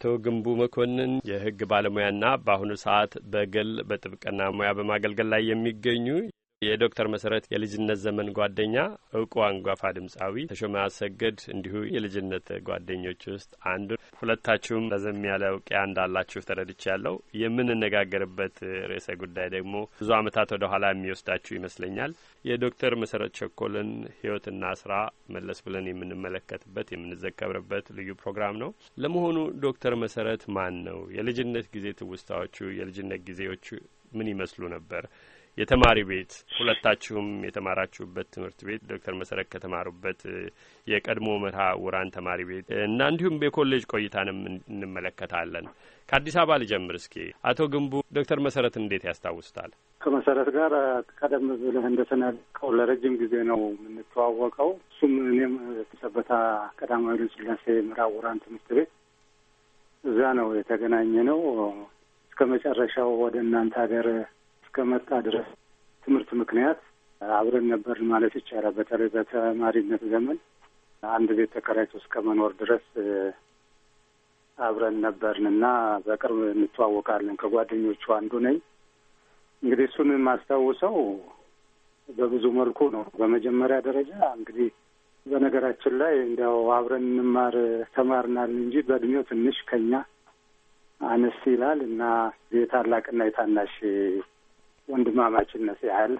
አቶ ግንቡ መኮንን የህግ ባለሙያና በአሁኑ ሰዓት በግል በጥብቅና ሙያ በማገልገል ላይ የሚገኙ የዶክተር መሰረት የልጅነት ዘመን ጓደኛ እውቁ አንጋፋ ድምፃዊ ተሾመ አሰገድ እንዲሁ የልጅነት ጓደኞች ውስጥ አንዱ። ሁለታችሁም ረዘም ያለ እውቅያ እንዳላችሁ ተረድቼ ያለው የምንነጋገርበት ርዕሰ ጉዳይ ደግሞ ብዙ ዓመታት ወደ ኋላ የሚወስዳችሁ ይመስለኛል። የዶክተር መሰረት ቸኮልን ህይወትና ስራ መለስ ብለን የምንመለከትበት የምንዘከብርበት ልዩ ፕሮግራም ነው። ለመሆኑ ዶክተር መሰረት ማን ነው? የልጅነት ጊዜ ትውስታዎቹ፣ የልጅነት ጊዜዎቹ ምን ይመስሉ ነበር? የተማሪ ቤት ሁለታችሁም የተማራችሁበት ትምህርት ቤት ዶክተር መሰረት ከተማሩበት የቀድሞ መርሃ ውራን ተማሪ ቤት እና እንዲሁም የኮሌጅ ቆይታንም እንመለከታለን። ከአዲስ አበባ ልጀምር እስኪ አቶ ግንቡ ዶክተር መሰረት እንዴት ያስታውሱታል? ከመሰረት ጋር ቀደም ብለህ እንደተናቀው ለረጅም ጊዜ ነው የምንተዋወቀው። እሱም እኔም ተሰበታ ቀዳማዊ ኃይለ ሥላሴ ምዕራብ ውራን ትምህርት ቤት እዛ ነው የተገናኘ ነው። እስከ መጨረሻው ወደ እናንተ ሀገር መጣ ድረስ ትምህርት ምክንያት አብረን ነበርን ማለት ይቻላል። በተለይ በተማሪነት ዘመን አንድ ቤት ተከራይቶ እስከ መኖር ድረስ አብረን ነበርን እና በቅርብ እንተዋወቃለን። ከጓደኞቹ አንዱ ነኝ። እንግዲህ እሱን የማስታውሰው በብዙ መልኩ ነው። በመጀመሪያ ደረጃ እንግዲህ በነገራችን ላይ እንዲያው አብረን እንማር ተማርናል እንጂ በእድሜው ትንሽ ከኛ አነስ ይላል እና የታላቅና የታናሽ ወንድማማችነት ያህል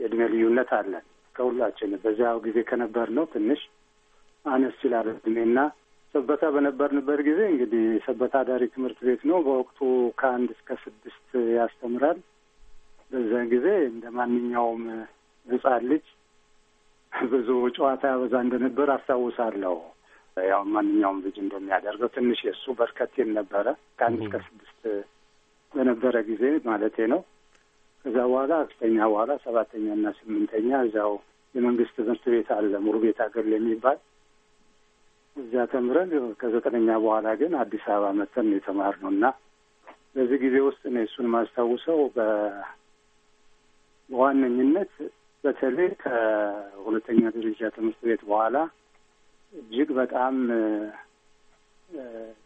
የእድሜ ልዩነት አለን ከሁላችን። በዚያው ጊዜ ከነበር ነው ትንሽ አነስ ይላል እድሜና ሰበታ በነበርንበት ጊዜ እንግዲህ ሰበታ ዳሪ ትምህርት ቤት ነው። በወቅቱ ከአንድ እስከ ስድስት ያስተምራል። በዛ ጊዜ እንደ ማንኛውም ሕፃን ልጅ ብዙ ጨዋታ ያበዛ እንደነበር አስታውሳለሁ። ያው ማንኛውም ልጅ እንደሚያደርገው ትንሽ የእሱ በርከቴን ነበረ። ከአንድ እስከ ስድስት በነበረ ጊዜ ማለቴ ነው። ከዛ በኋላ አስተኛ በኋላ ሰባተኛ እና ስምንተኛ እዛው የመንግስት ትምህርት ቤት አለ ሙሩ ቤት ሀገር የሚባል እዛ ተምረን ከዘጠነኛ በኋላ ግን አዲስ አበባ መተን ነው የተማርነው እና በዚህ ጊዜ ውስጥ ነው እሱን ማስታውሰው በዋነኝነት በተለይ ከሁለተኛ ደረጃ ትምህርት ቤት በኋላ እጅግ በጣም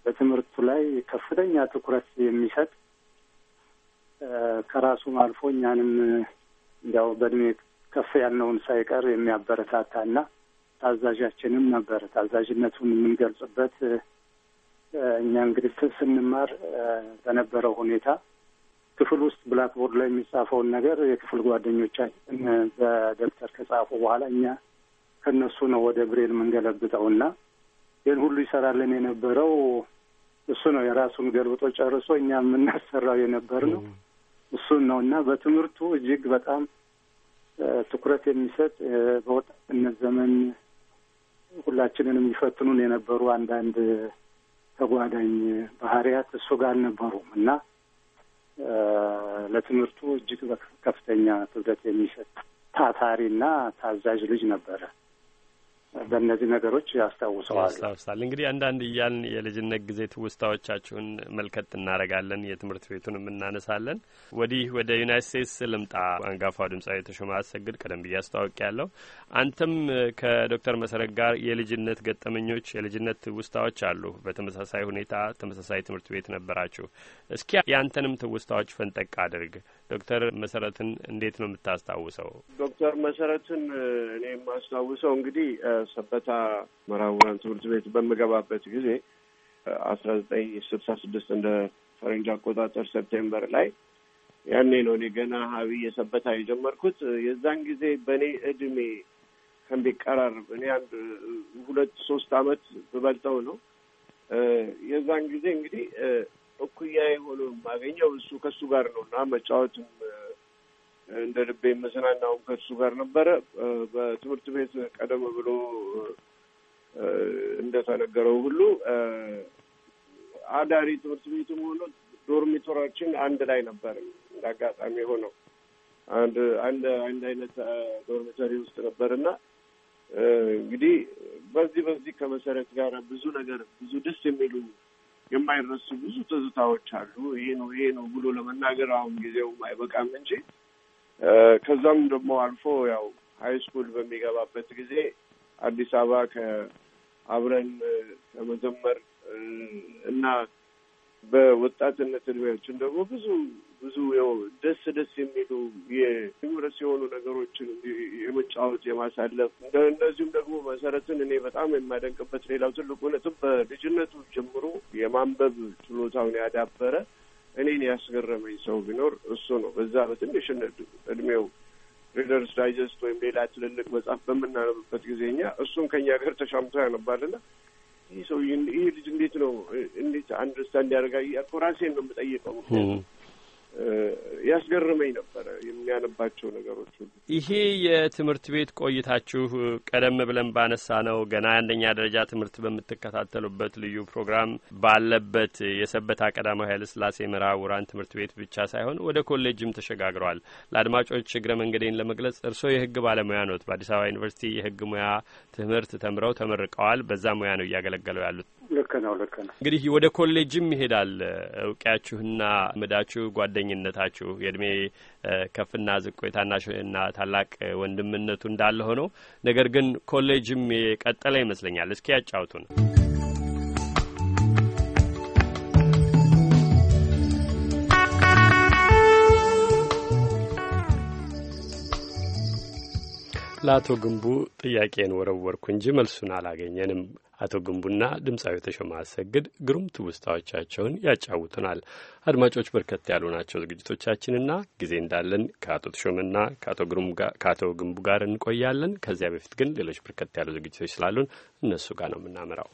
በትምህርቱ ላይ ከፍተኛ ትኩረት የሚሰጥ ከራሱም አልፎ እኛንም እንዲያው በእድሜ ከፍ ያልነውን ሳይቀር እና ታዛዣችንም ነበር። ታዛዥነቱን የምንገልጽበት እኛ እንግዲህ ስንማር በነበረው ሁኔታ ክፍል ውስጥ ብላክቦርድ ላይ የሚጻፈውን ነገር የክፍል ጓደኞቻችን በደብተር ከጻፉ በኋላ እኛ ከነሱ ነው ወደ ብሬል እና ይህን ሁሉ ይሰራልን የነበረው እሱ ነው። የራሱን ገልብጦ ጨርሶ እኛ የምናሰራው የነበር ነው። እሱን ነው እና በትምህርቱ እጅግ በጣም ትኩረት የሚሰጥ በወጣትነት ዘመን ሁላችንንም ይፈትኑን የነበሩ አንዳንድ ተጓዳኝ ባህሪያት እሱ ጋር አልነበሩም እና ለትምህርቱ እጅግ ከፍተኛ ክብደት የሚሰጥ እና ታዛዥ ልጅ ነበረ። በእነዚህ ነገሮች ያስታውሰዋል ያስታውሳል። እንግዲህ አንዳንድ እያልን የልጅነት ጊዜ ትውስታዎቻችሁን መልከት እናረጋለን፣ የትምህርት ቤቱንም እናነሳለን። ወዲህ ወደ ዩናይት ስቴትስ ልምጣ። አንጋፋ ድምጻዊ ተሾመ አሰግድ ቀደም ብዬ አስተዋወቅ ያለው አንተም ከዶክተር መሰረት ጋር የልጅነት ገጠመኞች የልጅነት ትውስታዎች አሉ። በተመሳሳይ ሁኔታ ተመሳሳይ ትምህርት ቤት ነበራችሁ። እስኪ ያንተንም ትውስታዎች ፈንጠቅ አድርግ። ዶክተር መሰረትን እንዴት ነው የምታስታውሰው? ዶክተር መሰረትን እኔ የማስታውሰው እንግዲህ ሰበታ መራውራን ትምህርት ቤት በምገባበት ጊዜ አስራ ዘጠኝ ስልሳ ስድስት እንደ ፈረንጅ አቆጣጠር ሴፕቴምበር ላይ ያኔ ነው እኔ ገና ሀቢ የሰበታ የጀመርኩት። የዛን ጊዜ በእኔ እድሜ ከሚቀራርብ እኔ አንድ ሁለት ሶስት አመት ብበልጠው ነው። የዛን ጊዜ እንግዲህ እኩያ የሆነ ማገኘው እሱ ከእሱ ጋር ነው እና መጫወትም እንደ ልቤ የምዝናናው ከእሱ ጋር ነበረ። በትምህርት ቤት ቀደም ብሎ እንደተነገረው ሁሉ አዳሪ ትምህርት ቤትም ሆኖ ዶርሚቶራችን አንድ ላይ ነበር። እንደ አጋጣሚ ሆነው አንድ አንድ አንድ አይነት ዶርሚቶሪ ውስጥ ነበር እና እንግዲህ በዚህ በዚህ ከመሰረት ጋር ብዙ ነገር ብዙ ደስ የሚሉ የማይረሱ ብዙ ትዝታዎች አሉ። ይሄ ነው ይሄ ነው ብሎ ለመናገር አሁን ጊዜውም አይበቃም እንጂ ከዛም ደግሞ አልፎ ያው ሀይ ስኩል በሚገባበት ጊዜ አዲስ አበባ ከአብረን ከመዘመር እና በወጣትነት እድሜያችን ደግሞ ብዙ ብዙ ደስ ደስ የሚሉ የህብረት የሆኑ ነገሮችን የመጫወት የማሳለፍ እንደዚሁም ደግሞ መሰረትን እኔ በጣም የማደንቅበት ሌላው ትልቁ ነጥብ በልጅነቱ ጀምሮ የማንበብ ችሎታውን ያዳበረ እኔን ያስገረመኝ ሰው ቢኖር እሱ ነው። በዛ በትንሽ እድሜው ሪደርስ ዳይጀስት ወይም ሌላ ትልልቅ መጽሐፍ በምናነብበት ጊዜ እኛ እሱን ከኛ ጋር ተሻምቶ ያነባልና ይህ ሰው ይህ ልጅ እንዴት ነው እንዴት አንደርስታንድ ያደርጋ እኮ ራሴን ነው የምጠይቀው። ምክንያቱም ያስገርመኝ ነበረ የሚያነባቸው ነገሮች ሁሉ። ይሄ የትምህርት ቤት ቆይታችሁ ቀደም ብለን ባነሳ ነው ገና አንደኛ ደረጃ ትምህርት በምትከታተሉበት ልዩ ፕሮግራም ባለበት የሰበታ ቀዳማዊ ኃይለ ሥላሴ ውራን ትምህርት ቤት ብቻ ሳይሆን ወደ ኮሌጅም ተሸጋግረዋል። ለአድማጮች እግረ መንገዴን ለመግለጽ እርስዎ የህግ ባለሙያ ኖት። በአዲስ አበባ ዩኒቨርሲቲ የህግ ሙያ ትምህርት ተምረው ተመርቀዋል። በዛ ሙያ ነው እያገለገለው ያሉት። ልክ ነው፣ ልክ ነው። እንግዲህ ወደ ኮሌጅም ይሄዳል እውቂያችሁና ምዳችሁ ጓደኝነታችሁ የእድሜ ከፍና ዝቅ የታናሽና ታላቅ ወንድምነቱ እንዳለ ሆኖ ነገር ግን ኮሌጅም የቀጠለ ይመስለኛል። እስኪ ያጫውቱን። ለአቶ ግንቡ ጥያቄን ወረወርኩ እንጂ መልሱን አላገኘንም። አቶ ግንቡና ድምፃዊ ተሾመ አሰግድ ግሩም ትውስታዎቻቸውን ያጫውቱናል። አድማጮች በርከት ያሉ ናቸው ዝግጅቶቻችንና ጊዜ እንዳለን ከአቶ ተሾመና ከአቶ ግንቡ ጋር እንቆያለን። ከዚያ በፊት ግን ሌሎች በርከት ያሉ ዝግጅቶች ስላሉን እነሱ ጋር ነው የምናመራው።